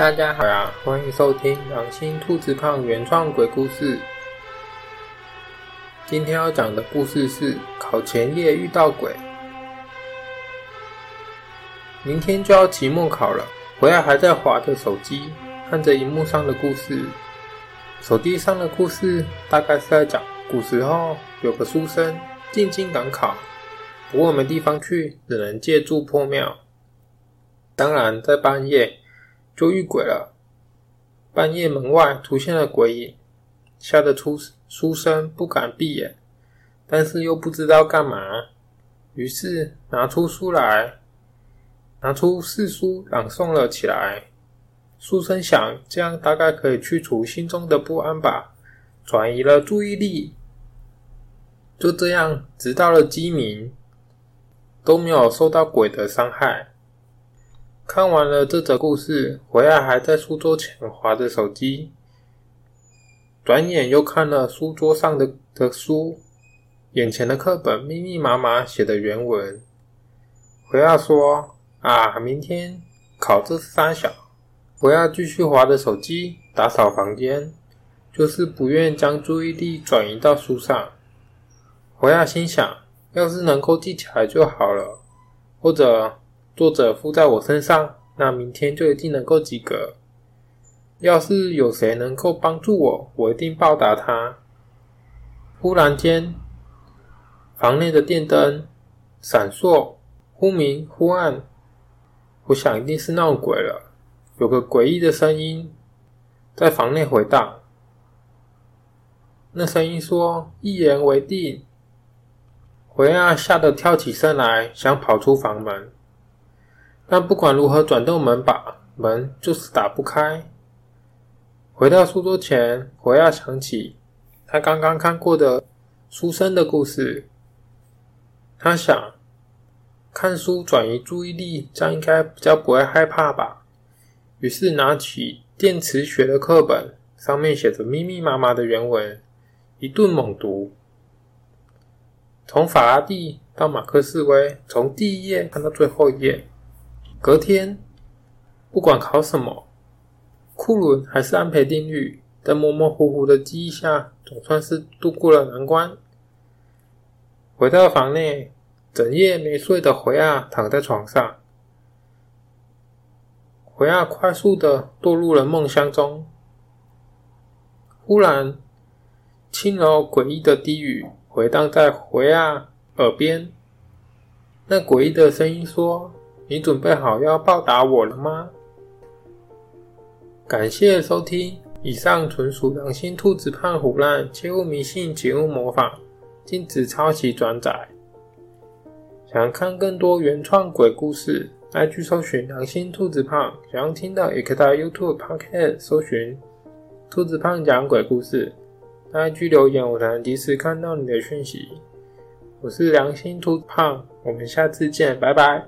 大家好呀、啊，歡迎收聽《良心兔子胖》原創鬼故事。今天要講的故事是考前夜遇到鬼。明天就要期末考了，回來還在滑着手機，看着熒幕上的故事。手機上的故事大概是在講古時候有個書生進京趕考，不過沒地方去，只能借住破廟。當然，在半夜。就遇鬼了，半夜門外出現了鬼影，嚇得出書書生不敢閉眼，但是又不知道幹嘛，於是拿出書來，拿出四書朗誦了起來。書生想，這樣大概可以去除心中的不安吧，轉移了注意力。就這樣，直到了雞鳴，都沒有受到鬼的傷害。看完了這則故事，回亞還在書桌前滑着手機。轉眼又看了書桌上的的書，眼前的課本密密麻麻寫的原文。回亞說：“啊，明天考這三小。”回亞繼續滑着手機，打掃房間，就是不願將注意力轉移到書上。回亞心想：“要是能夠記起來就好了，或者……”作者附在我身上，那明天就一定能夠及格。要是有誰能夠幫助我，我一定報答他。忽然間，房內的電燈閃爍，忽明忽暗。我想，一定是鬧鬼了。有個詭異的聲音在房內回盪。那聲音說：“一言為定。”回啊，嚇得跳起身來，想跑出房門。但不管如何轉動門把，門就是打不開。回到書桌前，我要想起他剛剛看過的書生的故事。他想，看書轉移注意力，這樣應該比較不會害怕吧。於是拿起電磁學的課本，上面寫着密密麻麻的原文，一頓猛讀。從法拉第到馬克士威，從第一頁看到最後一頁。隔天，不管考什麼，庫倫還是安培定律，在模模糊糊的記憶下，總算是度過了難關。回到房內，整夜沒睡的回亞、啊、躺在床上。回亞、啊、快速的墮入了夢鄉中。忽然，輕柔詭異的低語回盪在回亞、啊、耳邊，那詭異的聲音說。你準備好要報答我了嗎？感謝收聽，以上純屬良心兔子胖唬爛，切勿迷信，切勿模仿，禁止抄襲轉載。想看更多原創鬼故事，IG 搜尋良心兔子胖，想要聽到也可到 YouTube、Podcast 搜尋兔子胖講鬼故事。IG 留言，我才能及時看到你的訊息。我是良心兔子胖，我們下次見，拜拜。